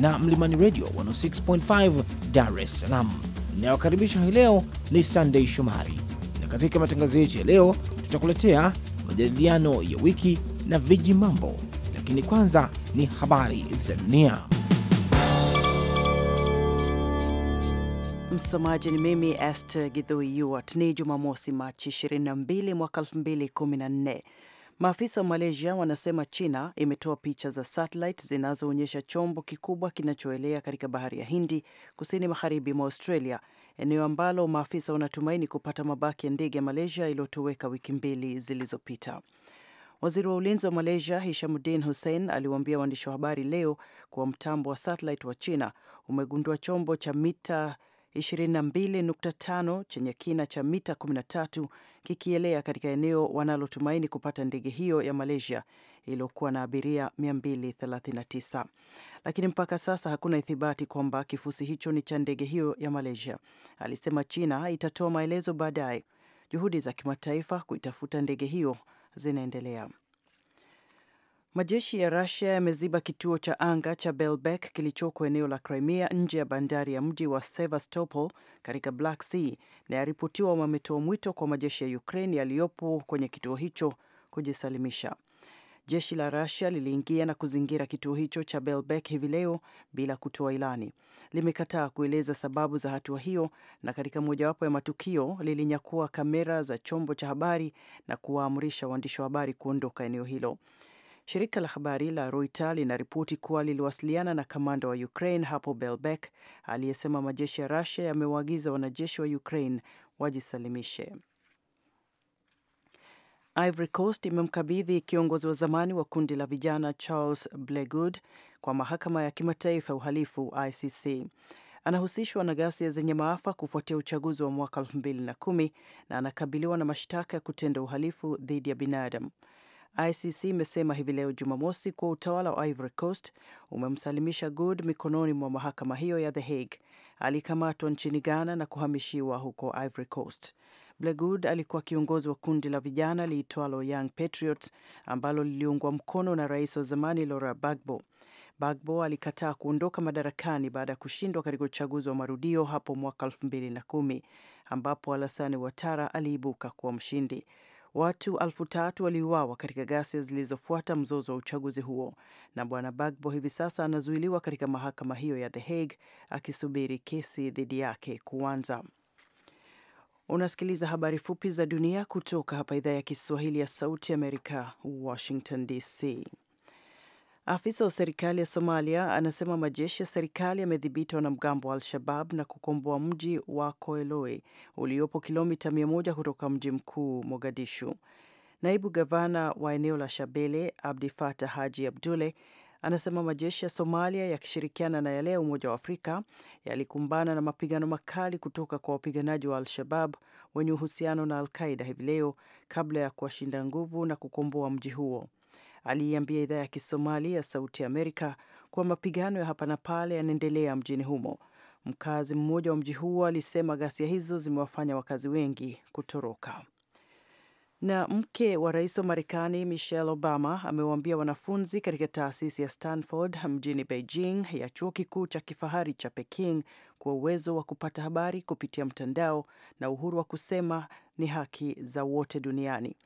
na Mlimani Radio 106.5 Dar es Salaam. Inayokaribisha hii leo ni Sunday Shomari, na katika matangazo yetu ya leo tutakuletea majadiliano ya wiki na viji mambo, lakini kwanza ni habari za dunia. Msomaji ni mimi Esther Githui Yuart. Ni Jumamosi, Machi 22 mwaka 2014. Maafisa wa Malaysia wanasema China imetoa picha za satellite zinazoonyesha chombo kikubwa kinachoelea katika bahari ya Hindi kusini magharibi mwa Australia, eneo ambalo maafisa wanatumaini kupata mabaki ya ndege ya Malaysia iliyotoweka wiki mbili zilizopita. Waziri wa ulinzi wa Malaysia Hishamuddin Hussein aliwaambia waandishi wa habari leo kuwa mtambo wa satellite wa China umegundua chombo cha mita 22.5 chenye kina cha mita 13 kikielea katika eneo wanalotumaini kupata ndege hiyo ya Malaysia iliyokuwa na abiria 239. Lakini mpaka sasa hakuna ithibati kwamba kifusi hicho ni cha ndege hiyo ya Malaysia, alisema. China itatoa maelezo baadaye. Juhudi za kimataifa kuitafuta ndege hiyo zinaendelea. Majeshi ya rasia yameziba kituo cha anga cha Belbek kilichoko eneo la Crimea nje ya bandari ya mji wa Sevastopol katika Black Sea na yaripotiwa wametoa mwito kwa majeshi ya Ukraine yaliyopo kwenye kituo hicho kujisalimisha. Jeshi la rusia liliingia na kuzingira kituo hicho cha Belbek hivi leo bila kutoa ilani. Limekataa kueleza sababu za hatua hiyo, na katika mojawapo ya matukio lilinyakua kamera za chombo cha habari na kuwaamrisha waandishi wa habari kuondoka eneo hilo. Shirika la habari la Reuters linaripoti kuwa liliwasiliana na kamanda wa Ukraine hapo Belbek aliyesema majeshi ya rasia yamewaagiza wanajeshi wa Ukraine wajisalimishe. Ivory Coast imemkabidhi kiongozi wa zamani wa kundi la vijana Charles blegood kwa mahakama ya kimataifa ya uhalifu ICC. Anahusishwa na ghasia zenye maafa kufuatia uchaguzi wa mwaka 2010 na anakabiliwa na mashtaka ya kutenda uhalifu dhidi ya binadamu. ICC imesema hivi leo Jumamosi kuwa utawala wa Ivory Coast umemsalimisha Good mikononi mwa mahakama hiyo ya The Hague. Alikamatwa nchini Ghana na kuhamishiwa huko Ivory Coast. Blegood alikuwa kiongozi wa kundi la vijana liitwalo Young Patriots ambalo liliungwa mkono na rais wa zamani Laura bagbo bagbo alikataa kuondoka madarakani baada ya kushindwa katika uchaguzi wa marudio hapo mwaka 2010 ambapo Alassane Ouattara aliibuka kuwa mshindi. Watu elfu tatu waliuawa katika ghasia zilizofuata mzozo wa uchaguzi huo, na bwana Bagbo hivi sasa anazuiliwa katika mahakama hiyo ya The Hague akisubiri kesi dhidi yake kuanza. Unasikiliza habari fupi za dunia kutoka hapa idhaa ya Kiswahili ya Sauti Amerika, Washington DC. Afisa wa serikali ya Somalia anasema majeshi ya serikali yamedhibiti wanamgambo wa Al-Shabab na kukomboa mji wa Koeloe uliopo kilomita 100 kutoka mji mkuu Mogadishu. Naibu gavana wa eneo la Shabele, Abdi Fatah Haji Abdule, anasema majeshi ya Somalia yakishirikiana na yale ya Umoja wa Afrika yalikumbana na mapigano makali kutoka kwa wapiganaji wa Al-Shabab wenye uhusiano na Al-Qaida hivi leo kabla ya kuwashinda nguvu na kukomboa mji huo aliiambia idhaa ya Kisomali ya Sauti Amerika kuwa mapigano ya hapa na pale yanaendelea mjini humo. Mkazi mmoja wa mji huo alisema ghasia hizo zimewafanya wakazi wengi kutoroka. Na mke wa rais wa Marekani Michelle Obama amewaambia wanafunzi katika taasisi ya Stanford mjini Beijing ya chuo kikuu cha kifahari cha Peking kuwa uwezo wa kupata habari kupitia mtandao na uhuru wa kusema ni haki za wote duniani.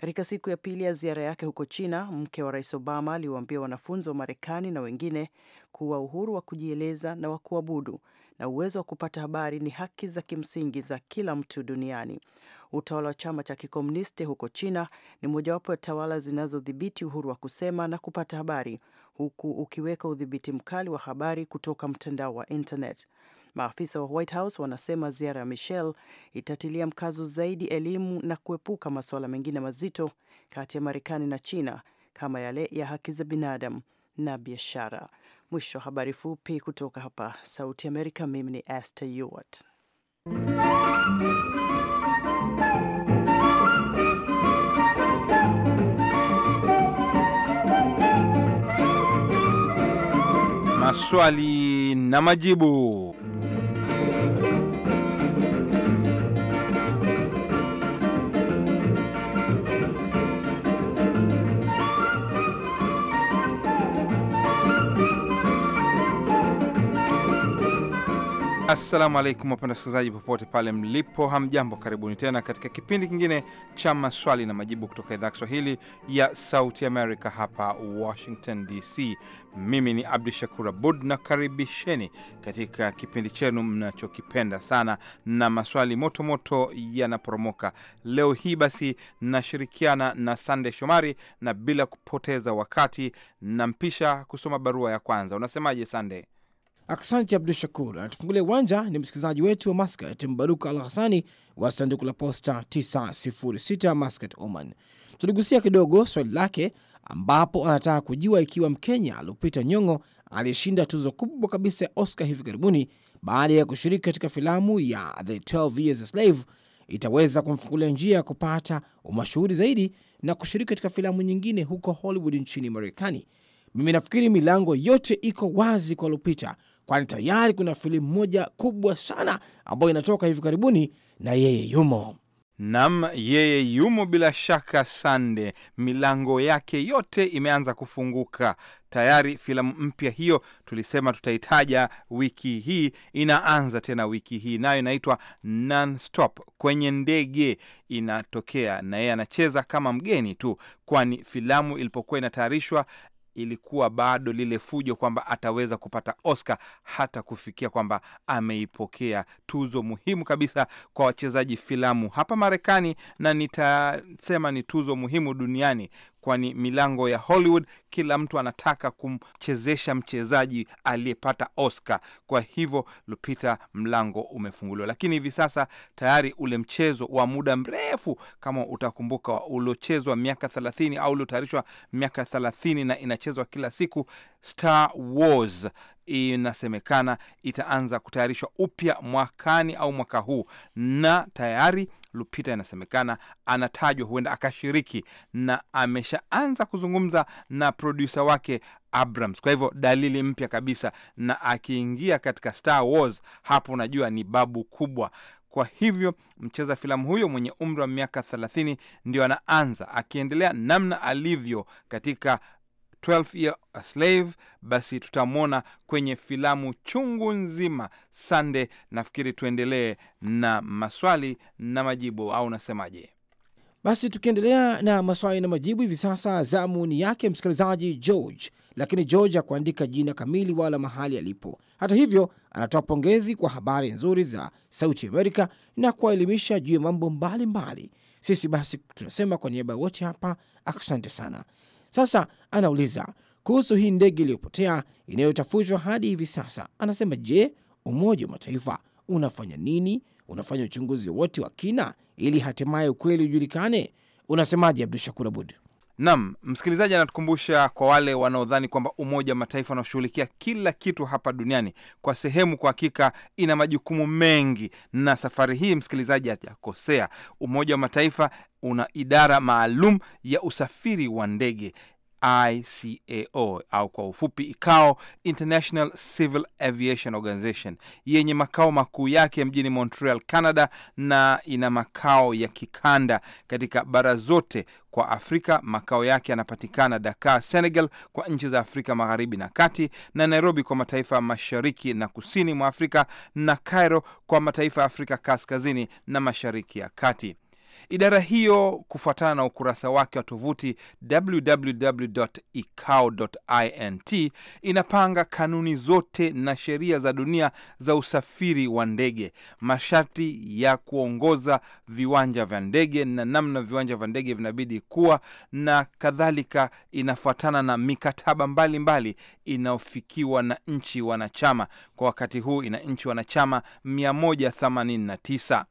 Katika siku ya pili ya ziara yake huko China, mke wa rais Obama aliwaambia wanafunzi wa Marekani na wengine kuwa uhuru wa kujieleza na wa kuabudu na uwezo wa kupata habari ni haki za kimsingi za kila mtu duniani. Utawala wa chama cha kikomunisti huko China ni mojawapo ya tawala zinazodhibiti uhuru wa kusema na kupata habari, huku ukiweka udhibiti mkali wa habari kutoka mtandao wa internet. Maafisa wa White House wanasema ziara ya Michelle itatilia mkazo zaidi elimu na kuepuka masuala mengine mazito kati ya Marekani na China kama yale ya haki za binadamu na biashara. Mwisho wa habari fupi kutoka hapa Sauti Amerika. Mimi ni Esther Yuart. Maswali na majibu. Assalamu alaikum wapenda wasikilizaji popote pale mlipo, hamjambo. Karibuni tena katika kipindi kingine cha maswali na majibu kutoka idhaa Kiswahili ya Sauti Amerika hapa Washington DC. Mimi ni Abdu Shakur Abud na karibisheni katika kipindi chenu mnachokipenda sana, na maswali motomoto yanaporomoka leo hii. Basi nashirikiana na Sande Shomari na bila kupoteza wakati nampisha kusoma barua ya kwanza. Unasemaje Sande? Asante Abdu Shakur. Anatufungulia uwanja ni msikilizaji wetu wa Maskat, Mbaruka Al Hasani wa sanduku la posta 906 Maskat, Oman. Tuligusia kidogo swali lake, ambapo anataka kujua ikiwa Mkenya Lupita Nyong'o aliyeshinda tuzo kubwa kabisa ya Oscar hivi karibuni baada ya kushiriki katika filamu ya The 12 Years a Slave itaweza kumfungulia njia ya kupata umashuhuri zaidi na kushiriki katika filamu nyingine huko Hollywood nchini Marekani. Mimi nafikiri milango yote iko wazi kwa Lupita kwani tayari kuna filamu moja kubwa sana ambayo inatoka hivi karibuni na yeye yumo. Nam, yeye yumo bila shaka. Sande, milango yake yote imeanza kufunguka tayari. Filamu mpya hiyo tulisema tutaitaja wiki hii, inaanza tena wiki hii, nayo inaitwa Nonstop, kwenye ndege inatokea, na yeye anacheza kama mgeni tu, kwani filamu ilipokuwa inatayarishwa ilikuwa bado lile fujo kwamba ataweza kupata Oscar, hata kufikia kwamba ameipokea tuzo muhimu kabisa kwa wachezaji filamu hapa Marekani, na nitasema ni tuzo muhimu duniani kwani milango ya Hollywood kila mtu anataka kumchezesha mchezaji aliyepata Oscar. Kwa hivyo Lupita, mlango umefunguliwa, lakini hivi sasa tayari ule mchezo wa muda mrefu kama utakumbuka, uliochezwa miaka thelathini au uliotayarishwa miaka thelathini na inachezwa kila siku, Star Wars inasemekana itaanza kutayarishwa upya mwakani au mwaka huu, na tayari Lupita inasemekana anatajwa huenda akashiriki, na ameshaanza kuzungumza na produsa wake Abrams. Kwa hivyo dalili mpya kabisa, na akiingia katika Star Wars hapo unajua ni babu kubwa. Kwa hivyo mcheza filamu huyo mwenye umri wa miaka thelathini ndio anaanza, akiendelea namna alivyo katika 12 Year a Slave, basi tutamwona kwenye filamu chungu nzima. Sande, nafikiri tuendelee na maswali na majibu, au unasemaje? Basi tukiendelea na maswali na majibu, hivi sasa zamu ni yake msikilizaji George, lakini George hakuandika jina kamili wala mahali alipo. Hata hivyo, anatoa pongezi kwa habari nzuri za Sauti Amerika na kuwaelimisha juu ya mambo mbalimbali. Sisi basi tunasema kwa niaba ya wote hapa, asante sana. Sasa anauliza kuhusu hii ndege iliyopotea inayotafutwa hadi hivi sasa. Anasema, je, Umoja wa Mataifa unafanya nini? Unafanya uchunguzi wote wa kina ili hatimaye ukweli ujulikane? Unasemaje Abdu Shakur Abud? Nam msikilizaji anatukumbusha kwa wale wanaodhani kwamba Umoja wa Mataifa unaoshughulikia kila kitu hapa duniani kwa sehemu, kwa hakika ina majukumu mengi, na safari hii msikilizaji hajakosea. Umoja wa Mataifa una idara maalum ya usafiri wa ndege ICAO au kwa ufupi ICAO, International Civil Aviation Organization, yenye makao makuu yake mjini Montreal, Canada, na ina makao ya kikanda katika bara zote kwa Afrika. Makao yake yanapatikana Dakar, Senegal, kwa nchi za Afrika magharibi na kati, na Nairobi kwa mataifa ya mashariki na kusini mwa Afrika, na Cairo kwa mataifa ya Afrika kaskazini na mashariki ya kati. Idara hiyo kufuatana na ukurasa wake wa tovuti www.icao.int inapanga kanuni zote na sheria za dunia za usafiri wa ndege, masharti ya kuongoza viwanja vya ndege na namna viwanja vya ndege vinabidi kuwa na kadhalika. Inafuatana na mikataba mbalimbali inayofikiwa na nchi wanachama. Kwa wakati huu ina nchi wanachama 189.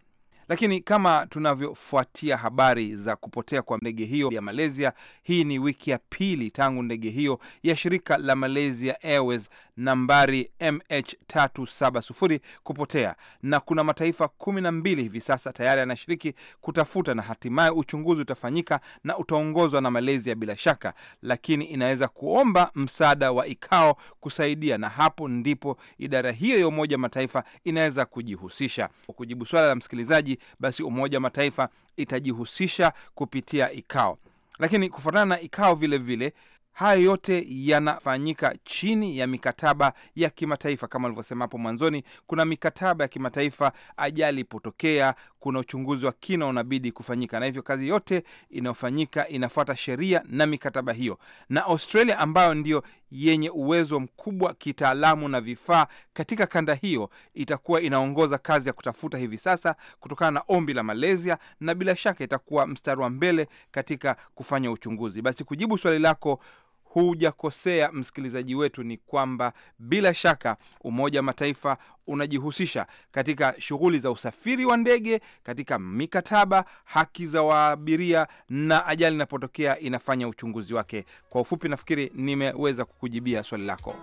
Lakini kama tunavyofuatia habari za kupotea kwa ndege hiyo ya Malaysia, hii ni wiki ya pili tangu ndege hiyo ya shirika la Malaysia Airways nambari MH370 kupotea, na kuna mataifa kumi na mbili hivi sasa tayari yanashiriki kutafuta, na hatimaye uchunguzi utafanyika na utaongozwa na Malaysia bila shaka, lakini inaweza kuomba msaada wa ikao kusaidia, na hapo ndipo idara hiyo ya Umoja Mataifa inaweza kujihusisha. Kujibu swala la msikilizaji basi Umoja wa Mataifa itajihusisha kupitia ikao. Lakini kufuatana na ikao vilevile vile, haya yote yanafanyika chini ya mikataba ya kimataifa, kama alivyosema hapo mwanzoni. Kuna mikataba ya kimataifa, ajali ipotokea, kuna uchunguzi wa kina unabidi kufanyika, na hivyo kazi yote inayofanyika inafuata sheria na mikataba hiyo. Na Australia ambayo ndiyo yenye uwezo mkubwa kitaalamu na vifaa katika kanda hiyo, itakuwa inaongoza kazi ya kutafuta hivi sasa, kutokana na ombi la Malaysia, na bila shaka itakuwa mstari wa mbele katika kufanya uchunguzi. Basi kujibu swali lako Hujakosea msikilizaji wetu, ni kwamba bila shaka Umoja wa Mataifa unajihusisha katika shughuli za usafiri wa ndege, katika mikataba, haki za waabiria, na ajali inapotokea inafanya uchunguzi wake. Kwa ufupi, nafikiri nimeweza kukujibia swali lako.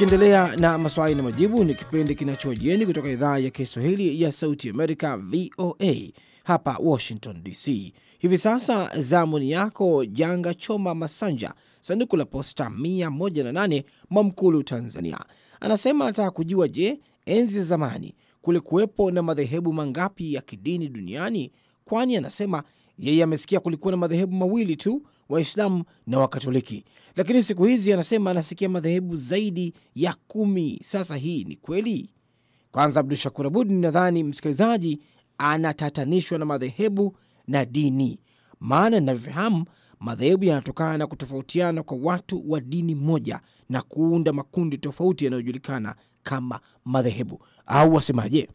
Tukiendelea na maswali na majibu, ni kipindi kinachojieni kutoka idhaa ya Kiswahili ya Sauti Amerika, VOA hapa Washington DC. Hivi sasa zamuni yako Janga Choma Masanja, sanduku la posta 18 Mwamkulu, Tanzania. Anasema anataka kujua, je, enzi za zamani kulikuwepo na madhehebu mangapi ya kidini duniani? Kwani anasema yeye amesikia kulikuwa na madhehebu mawili tu Waislamu na Wakatoliki, lakini siku hizi anasema anasikia madhehebu zaidi ya kumi. Sasa hii ni kweli? Kwanza, Abdu Shakur Abud, nadhani msikilizaji anatatanishwa na madhehebu na dini, maana inavyofahamu madhehebu yanatokana na kutofautiana kwa watu wa dini moja na kuunda makundi tofauti yanayojulikana kama madhehebu, au wasemaje?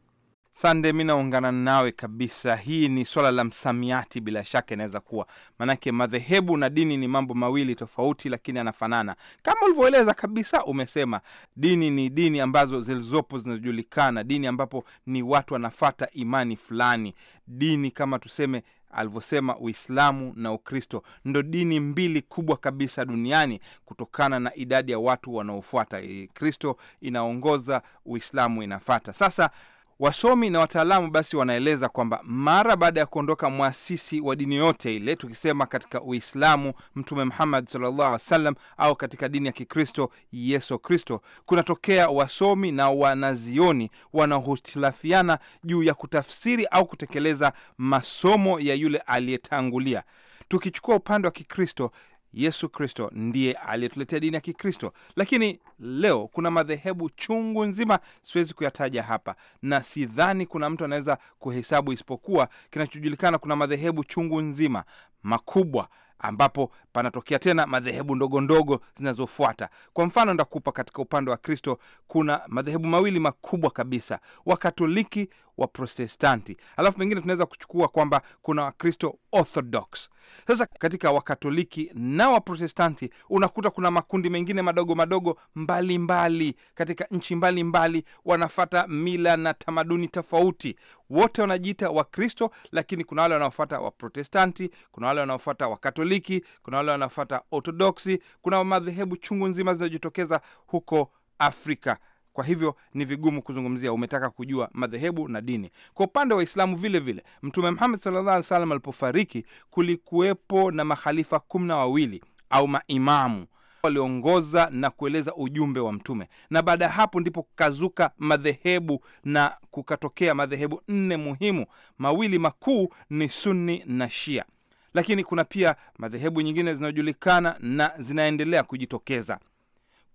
Sande, mi naungana nawe kabisa. Hii ni swala la msamiati, bila shaka inaweza kuwa maanake, madhehebu na dini ni mambo mawili tofauti, lakini anafanana kama ulivyoeleza kabisa. Umesema dini ni dini ambazo zilizopo zinazojulikana, dini ambapo ni watu wanafata imani fulani, dini kama tuseme alivyosema Uislamu na Ukristo ndo dini mbili kubwa kabisa duniani kutokana na idadi ya watu wanaofuata. Eh, Kristo inaongoza, Uislamu inafata. Sasa Wasomi na wataalamu basi wanaeleza kwamba mara baada ya kuondoka mwasisi wa dini yote ile, tukisema katika Uislamu Mtume Muhammad sallallahu alaihi wasallam, au katika dini ya Kikristo Yesu Kristo, kunatokea wasomi na wanazioni wanaohitilafiana juu ya kutafsiri au kutekeleza masomo ya yule aliyetangulia. Tukichukua upande wa Kikristo, Yesu Kristo ndiye aliyetuletea dini ya Kikristo, lakini leo kuna madhehebu chungu nzima, siwezi kuyataja hapa na sidhani kuna mtu anaweza kuhesabu, isipokuwa kinachojulikana, kuna madhehebu chungu nzima makubwa ambapo panatokea tena madhehebu ndogo ndogo zinazofuata. Kwa mfano, ndakupa katika upande wa Kristo kuna madhehebu mawili makubwa kabisa, Wakatoliki wa Protestanti, alafu pengine tunaweza kuchukua kwamba kuna Wakristo Orthodox. Sasa katika Wakatoliki na Waprotestanti unakuta kuna makundi mengine madogo madogo mbalimbali mbali, katika nchi mbalimbali wanafata mila na tamaduni tofauti. Wote wanajiita Wakristo, lakini kuna wale wanaofata Waprotestanti, kuna wale wanaofata Wakatoliki, kuna wale wanaofata Orthodoksi, kuna madhehebu chungu nzima zinazojitokeza huko Afrika kwa hivyo ni vigumu kuzungumzia, umetaka kujua madhehebu na dini. Kwa upande wa Waislamu vile vile, Mtume Muhammad sallallahu alipofariki kulikuwepo na makhalifa kumi na wawili au maimamu waliongoza na kueleza ujumbe wa mtume, na baada ya hapo ndipo kukazuka madhehebu na kukatokea madhehebu nne muhimu. Mawili makuu ni Sunni na Shia, lakini kuna pia madhehebu nyingine zinaojulikana na zinaendelea kujitokeza.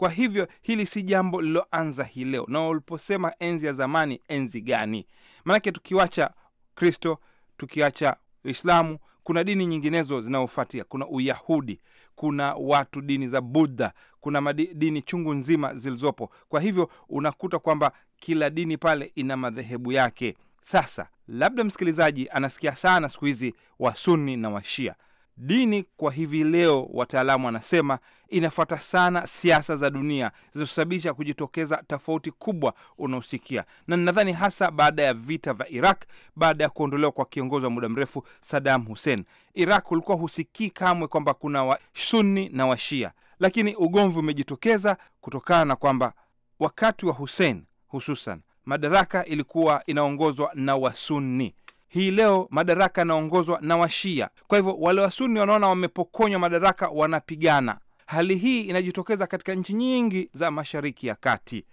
Kwa hivyo hili si jambo liloanza hii leo, na uliposema enzi ya zamani, enzi gani? Maanake tukiwacha Kristo, tukiwacha Uislamu, kuna dini nyinginezo zinazofuatia. Kuna Uyahudi, kuna watu dini za Buddha, kuna madini chungu nzima zilizopo. Kwa hivyo unakuta kwamba kila dini pale ina madhehebu yake. Sasa labda msikilizaji anasikia sana siku hizi Wasuni na Washia. Dini kwa hivi leo, wataalamu wanasema inafuata sana siasa za dunia zinazosababisha kujitokeza tofauti kubwa unaosikia, na ninadhani hasa baada ya vita vya Iraq, baada ya kuondolewa kwa kiongozi wa muda mrefu Saddam Hussein. Iraq ulikuwa husikii kamwe kwamba kuna wasunni na washia, lakini ugomvi umejitokeza kutokana na kwamba wakati wa Hussein hususan madaraka ilikuwa inaongozwa na wasunni hii leo madaraka yanaongozwa na Washia. Kwa hivyo wale Wasuni wanaona wamepokonywa madaraka, wanapigana. Hali hii inajitokeza katika nchi nyingi za Mashariki ya Kati,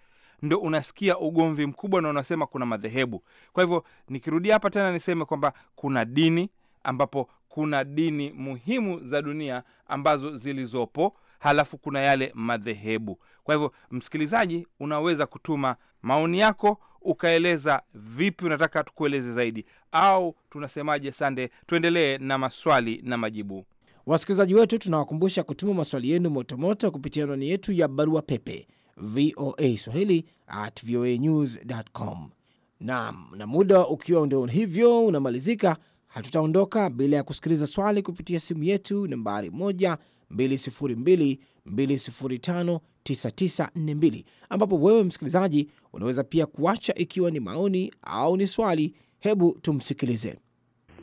ndo unasikia ugomvi mkubwa na unasema kuna madhehebu. Kwa hivyo nikirudia hapa tena niseme kwamba kuna dini ambapo kuna dini muhimu za dunia ambazo zilizopo, halafu kuna yale madhehebu. Kwa hivyo, msikilizaji, unaweza kutuma maoni yako ukaeleza vipi unataka tukueleze zaidi, au tunasemaje? Sande, tuendelee na maswali na majibu. Wasikilizaji wetu tunawakumbusha kutuma maswali yenu motomoto kupitia anwani yetu ya barua pepe voa swahili at com Naam, na muda ukiwa ndio hivyo unamalizika Hatutaondoka bila ya kusikiliza swali kupitia simu yetu nambari 12022059942 ambapo wewe msikilizaji unaweza pia kuacha ikiwa ni maoni au ni swali. Hebu tumsikilize.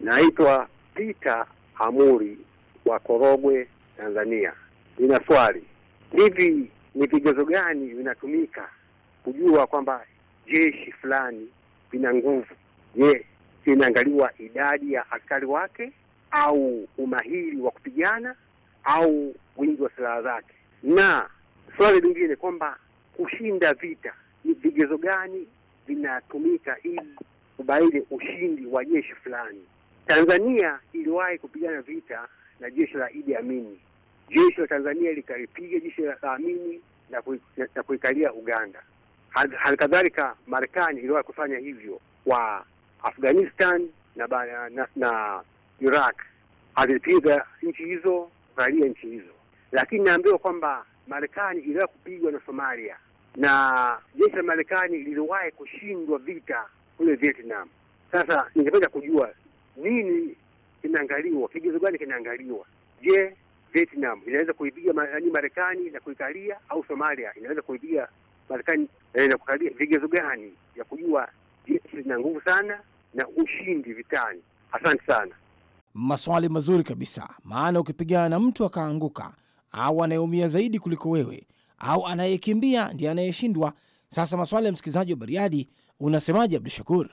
Naitwa Peter Hamuri wa Korogwe, Tanzania. Nina swali, hivi ni vigezo gani vinatumika kujua kwamba jeshi fulani vina nguvu? Je, inaangaliwa idadi ya askari wake au umahiri wa kupigana au wingi wa silaha zake, na swali lingine kwamba kushinda vita ni vigezo gani vinatumika ili kubaini ushindi wa jeshi fulani. Tanzania iliwahi kupigana vita na jeshi la Idi Amini. Jeshi la Tanzania likalipiga jeshi la Amini na, na, na kuikalia Uganda. Halikadhalika Marekani iliwahi kufanya hivyo kwa Afghanistan na, na, na Iraq hazipiga nchi hizo raia nchi hizo, lakini naambiwa kwamba Marekani iliwahi kupigwa na Somalia na jeshi la Marekani liliwahi kushindwa vita kule Vietnam. Sasa ningependa kujua nini kinaangaliwa, kigezo gani kinaangaliwa? Je, Vietnam inaweza kuipiga yaani Marekani na kuikalia au Somalia inaweza kuipiga Marekani eh, na kukalia? Vigezo gani vya kujua jeshi lina nguvu sana na ushindi vitani. Asante sana. Maswali mazuri kabisa, maana ukipigana na mtu akaanguka au anayeumia zaidi kuliko wewe au anayekimbia ndiye anayeshindwa. Sasa maswali ya msikilizaji wa Bariadi, unasemaje Abdu Shakur?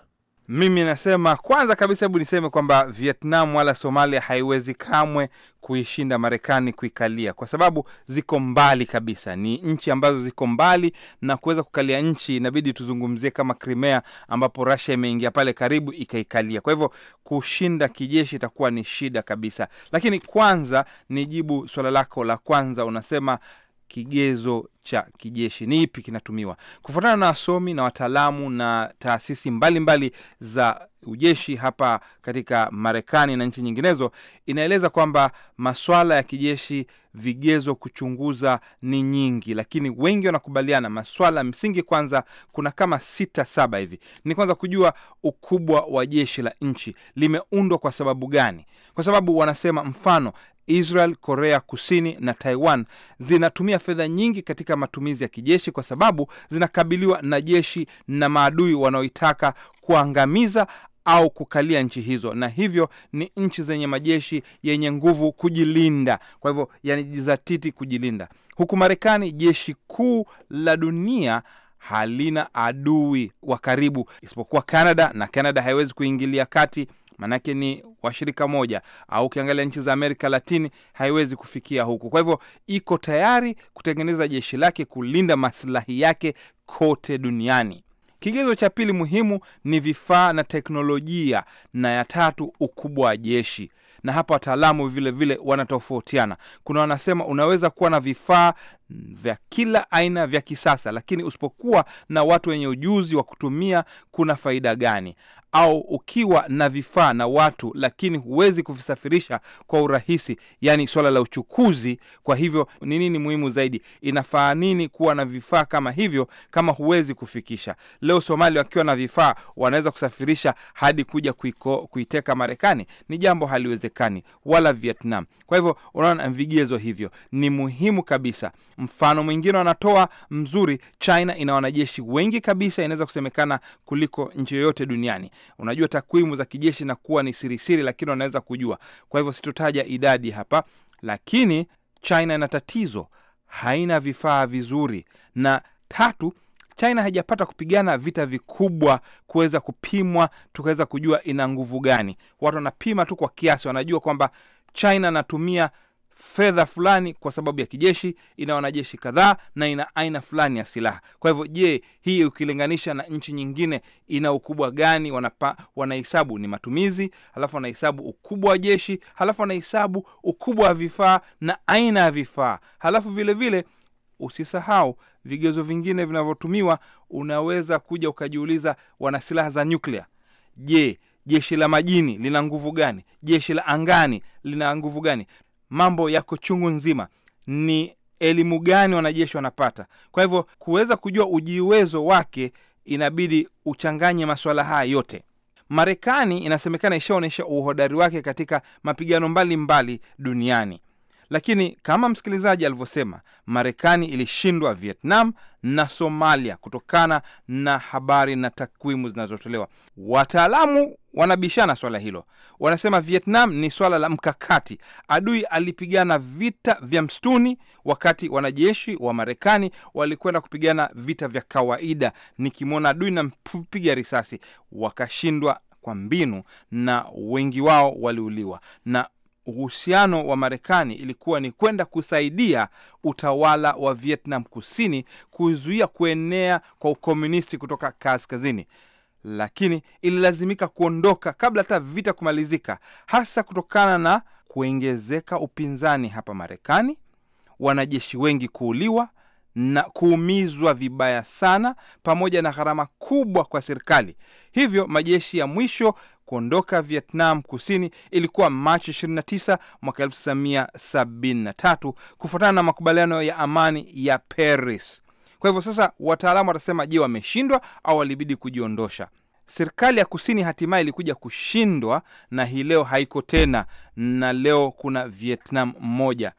Mimi nasema kwanza kabisa, hebu niseme kwamba Vietnam wala Somalia haiwezi kamwe kuishinda Marekani kuikalia, kwa sababu ziko mbali kabisa. Ni nchi ambazo ziko mbali, na kuweza kukalia nchi inabidi tuzungumzie kama Crimea, ambapo Rusia imeingia pale karibu ikaikalia. Kwa hivyo kushinda kijeshi itakuwa ni shida kabisa. Lakini kwanza nijibu swala lako la kwanza, unasema kigezo cha kijeshi ni ipi kinatumiwa. Kufuatana na wasomi na wataalamu na taasisi mbalimbali mbali za ujeshi hapa katika Marekani na nchi nyinginezo, inaeleza kwamba maswala ya kijeshi, vigezo kuchunguza ni nyingi, lakini wengi wanakubaliana maswala msingi. Kwanza kuna kama sita saba hivi, ni kwanza kujua ukubwa wa jeshi la nchi, limeundwa kwa sababu gani? Kwa sababu wanasema mfano Israel, Korea Kusini na Taiwan zinatumia fedha nyingi katika katika matumizi ya kijeshi kwa sababu zinakabiliwa na jeshi na maadui wanaoitaka kuangamiza au kukalia nchi hizo, na hivyo ni nchi zenye majeshi yenye nguvu kujilinda. Kwa hivyo yanajizatiti kujilinda, huku Marekani jeshi kuu la dunia halina adui wa karibu isipokuwa canada na canada haiwezi kuingilia kati maanake ni washirika moja, au ukiangalia nchi za Amerika Latini haiwezi kufikia huku. Kwa hivyo iko tayari kutengeneza jeshi lake kulinda masilahi yake kote duniani. Kigezo cha pili muhimu ni vifaa na teknolojia, na ya tatu ukubwa wa jeshi. Na hapa wataalamu vilevile wanatofautiana. Kuna wanasema unaweza kuwa na vifaa vya kila aina vya kisasa, lakini usipokuwa na watu wenye ujuzi wa kutumia, kuna faida gani? Au ukiwa na vifaa na watu, lakini huwezi kuvisafirisha kwa urahisi, yaani swala la uchukuzi. Kwa hivyo ni nini muhimu zaidi? Inafaa nini kuwa na vifaa kama hivyo kama huwezi kufikisha? Leo somali wakiwa na vifaa wanaweza kusafirisha hadi kuja kuiko, kuiteka Marekani? Ni jambo haliwezekani, wala Vietnam. Kwa hivyo unaona, vigezo hivyo ni muhimu kabisa. Mfano mwingine wanatoa mzuri, China ina wanajeshi wengi kabisa, inaweza kusemekana kuliko nchi yoyote duniani. Unajua takwimu za kijeshi na kuwa ni sirisiri, lakini wanaweza kujua. Kwa hivyo sitotaja idadi hapa, lakini China ina tatizo, haina vifaa vizuri, na tatu China haijapata kupigana vita vikubwa kuweza kupimwa tukaweza kujua ina nguvu gani. Watu wanapima tu kwa kiasi, wanajua kwamba China anatumia fedha fulani kwa sababu ya kijeshi, ina wanajeshi kadhaa na ina aina fulani ya silaha. Kwa hivyo, je, hii ukilinganisha na nchi nyingine ina ukubwa gani? Wanapa, wanahesabu ni matumizi, halafu wanahesabu ukubwa wa jeshi, halafu wanahesabu ukubwa wa vifaa na aina ya vifaa, halafu vilevile vile, Usisahau vigezo vingine vinavyotumiwa. Unaweza kuja ukajiuliza, wana silaha za nyuklia. Je, jeshi la majini lina nguvu gani? Jeshi la angani lina nguvu gani? mambo yako chungu nzima, ni elimu gani wanajeshi wanapata. Kwa hivyo kuweza kujua ujiwezo wake, inabidi uchanganye masuala haya yote. Marekani inasemekana ishaonyesha uhodari wake katika mapigano mbalimbali mbali duniani. Lakini kama msikilizaji alivyosema, Marekani ilishindwa Vietnam na Somalia kutokana na habari na takwimu zinazotolewa. Wataalamu wanabishana swala hilo, wanasema Vietnam ni swala la mkakati. Adui alipigana vita vya msituni, wakati wanajeshi wa Marekani walikwenda kupigana vita vya kawaida, nikimwona adui nampiga risasi. Wakashindwa kwa mbinu na wengi wao waliuliwa na uhusiano wa Marekani ilikuwa ni kwenda kusaidia utawala wa Vietnam Kusini kuzuia kuenea kwa ukomunisti kutoka kaskazini, lakini ililazimika kuondoka kabla hata vita kumalizika, hasa kutokana na kuongezeka upinzani hapa Marekani, wanajeshi wengi kuuliwa na kuumizwa vibaya sana, pamoja na gharama kubwa kwa serikali. Hivyo majeshi ya mwisho kuondoka Vietnam Kusini ilikuwa Machi 29 mwaka 1973 kufuatana na makubaliano ya amani ya Paris. Kwa hivyo sasa wataalamu watasema, je, wameshindwa au walibidi kujiondosha? Serikali ya kusini hatimaye ilikuja kushindwa, na hii leo haiko tena, na leo kuna Vietnam moja.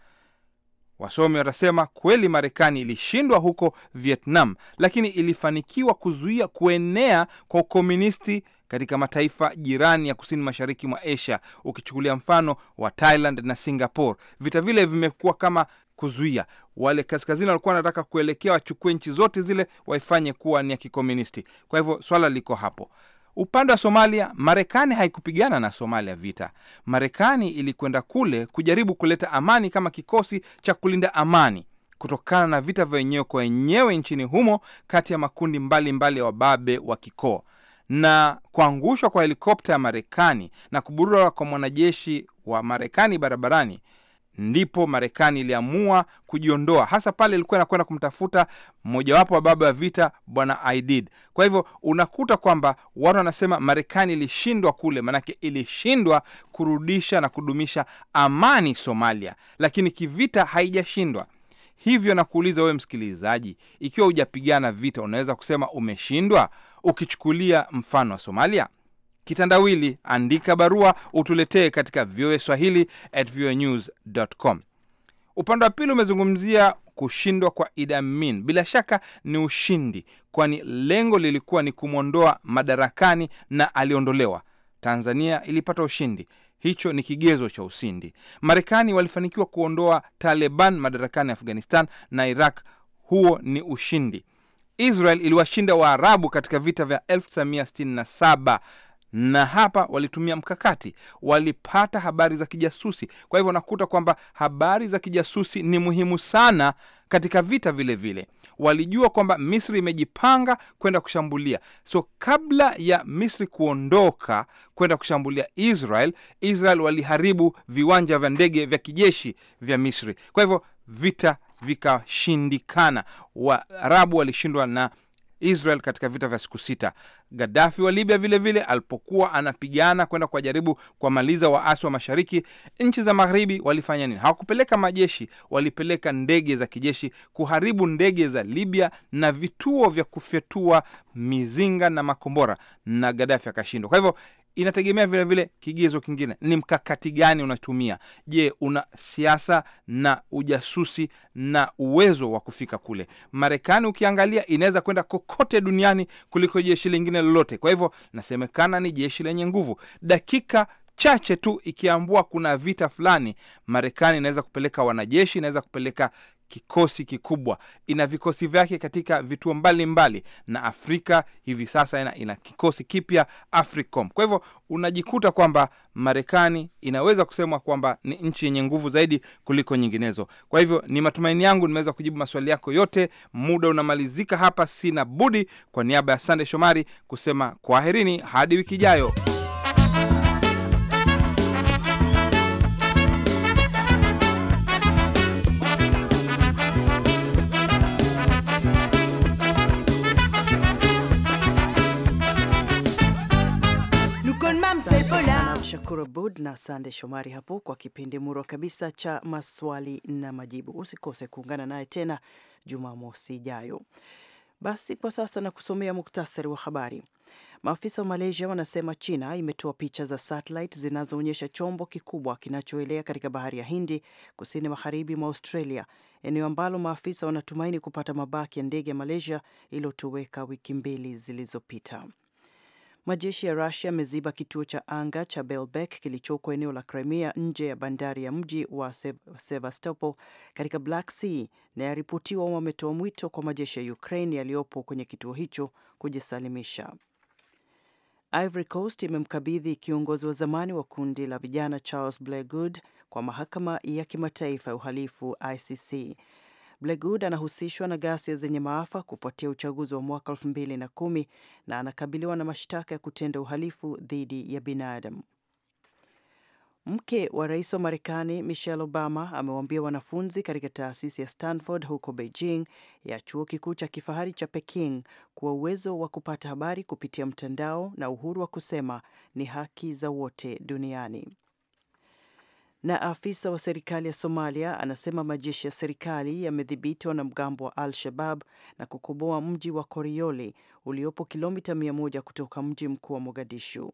Wasomi watasema kweli Marekani ilishindwa huko Vietnam, lakini ilifanikiwa kuzuia kuenea kwa ukomunisti katika mataifa jirani ya kusini mashariki mwa Asia, ukichukulia mfano wa Thailand na Singapore. Vita vile vimekuwa kama kuzuia wale kaskazini walikuwa wanataka kuelekea wachukue nchi zote zile waifanye kuwa ni ya kikomunisti. Kwa hivyo swala liko hapo. Upande wa Somalia, Marekani haikupigana na Somalia vita. Marekani ilikwenda kule kujaribu kuleta amani kama kikosi cha kulinda amani kutokana na vita vya wenyewe kwa wenyewe nchini humo kati ya makundi mbalimbali ya mbali wababe wa kikoo na kuangushwa kwa helikopta ya Marekani na kuburura kwa mwanajeshi wa Marekani barabarani, ndipo Marekani iliamua kujiondoa, hasa pale ilikuwa inakwenda kumtafuta mmojawapo wa baba ya vita Bwana Aidid. Kwa hivyo unakuta kwamba watu wanasema Marekani ilishindwa kule, manake ilishindwa kurudisha na kudumisha amani Somalia, lakini kivita haijashindwa. Hivyo nakuuliza wewe msikilizaji, ikiwa hujapigana vita, unaweza kusema umeshindwa? Ukichukulia mfano wa Somalia, kitandawili, andika barua utuletee katika VOA Swahili at VOA com. Upande wa pili umezungumzia kushindwa kwa Idi Amin. Bila shaka ni ushindi, kwani lengo lilikuwa ni kumwondoa madarakani na aliondolewa. Tanzania ilipata ushindi. Hicho ni kigezo cha usindi. Marekani walifanikiwa kuondoa Taliban madarakani Afghanistan na Iraq. Huo ni ushindi. Israel iliwashinda Waarabu katika vita vya 1967 na hapa walitumia mkakati, walipata habari za kijasusi. Kwa hivyo unakuta kwamba habari za kijasusi ni muhimu sana katika vita vilevile vile. Walijua kwamba Misri imejipanga kwenda kushambulia, so kabla ya Misri kuondoka kwenda kushambulia Israel, Israel waliharibu viwanja vya ndege vya kijeshi vya Misri. Kwa hivyo vita vikashindikana, Waarabu walishindwa na Israel katika vita vya siku sita. Gaddafi wa Libya vilevile vile, alipokuwa anapigana kwenda jaribu kuwamaliza waasi wa mashariki, nchi za magharibi walifanya nini? Hawakupeleka majeshi, walipeleka ndege za kijeshi kuharibu ndege za Libya na vituo vya kufyatua mizinga na makombora, na Gaddafi akashindwa. Kwa hivyo inategemea vile vile kigezo kingine ni mkakati gani unatumia. Je, una siasa na ujasusi na uwezo wa kufika kule? Marekani ukiangalia inaweza kwenda kokote duniani kuliko jeshi lingine lolote. Kwa hivyo nasemekana ni jeshi lenye nguvu. Dakika chache tu ikiambua kuna vita fulani, Marekani inaweza kupeleka wanajeshi, inaweza kupeleka kikosi kikubwa, ina vikosi vyake katika vituo mbalimbali mbali, na Afrika hivi sasa ina, ina kikosi kipya AFRICOM. Kwa hivyo unajikuta kwamba Marekani inaweza kusemwa kwamba ni nchi yenye nguvu zaidi kuliko nyinginezo. Kwa hivyo ni matumaini yangu nimeweza kujibu maswali yako yote. Muda unamalizika hapa, sina budi kwa niaba ya Sande Shomari kusema kwaherini hadi wiki ijayo. Shukuru Abud na Sande Shomari hapo kwa kipindi murwa kabisa cha maswali na majibu. Usikose kuungana naye tena Jumamosi ijayo. Basi kwa sasa na kusomea muktasari wa habari. Maafisa wa Malaysia wanasema China imetoa picha za satellite zinazoonyesha chombo kikubwa kinachoelea katika bahari ya Hindi kusini magharibi mwa Australia, eneo ambalo maafisa wanatumaini kupata mabaki ya ndege ya Malaysia iliyotoweka wiki mbili zilizopita. Majeshi ya Rusia yameziba kituo cha anga cha Belbek kilichoko eneo la Crimea nje ya bandari ya mji wa Sevastopol katika Black Sea, na yaripotiwa wametoa mwito kwa majeshi ya Ukraine yaliyopo kwenye kituo hicho kujisalimisha. Ivory Coast imemkabidhi kiongozi wa zamani wa kundi la vijana Charles Ble kwa mahakama ya kimataifa ya uhalifu ICC Blegood anahusishwa na ghasia zenye maafa kufuatia uchaguzi wa mwaka 2010 na anakabiliwa na mashtaka ya kutenda uhalifu dhidi ya binadamu. Mke wa rais wa Marekani Michelle Obama amewaambia wanafunzi katika taasisi ya Stanford huko Beijing ya chuo kikuu cha kifahari cha Peking kuwa uwezo wa kupata habari kupitia mtandao na uhuru wa kusema ni haki za wote duniani. Na afisa wa serikali ya Somalia anasema majeshi ya serikali yamedhibiti wanamgambo wa Al-Shabab na kukoboa mji wa Koriole uliopo kilomita 100 kutoka mji mkuu wa Mogadishu.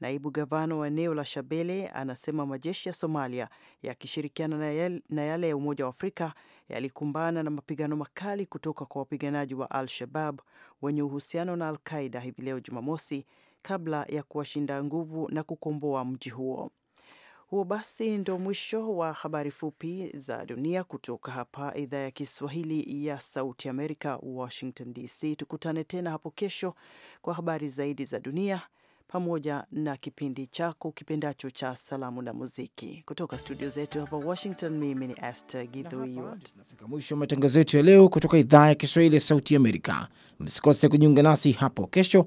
Naibu gavana wa eneo la Shabele anasema majeshi ya Somalia yakishirikiana na yale ya Umoja wa Afrika yalikumbana na mapigano makali kutoka kwa wapiganaji wa Al-Shabab wenye uhusiano na Al-Qaida hivi leo Jumamosi kabla ya kuwashinda nguvu na kukomboa mji huo. Huo basi ndo mwisho wa habari fupi za dunia kutoka hapa idhaa ya Kiswahili ya Sauti Amerika, Washington DC. Tukutane tena hapo kesho kwa habari zaidi za dunia pamoja na kipindi chako kipendacho cha salamu na muziki kutoka studio zetu hapa Washington. Mimi ni Esther Githuiwat. Tunafika mwisho wa matangazo yetu ya leo kutoka idhaa ya Kiswahili ya Sauti Amerika. Msikose kujiunga nasi hapo kesho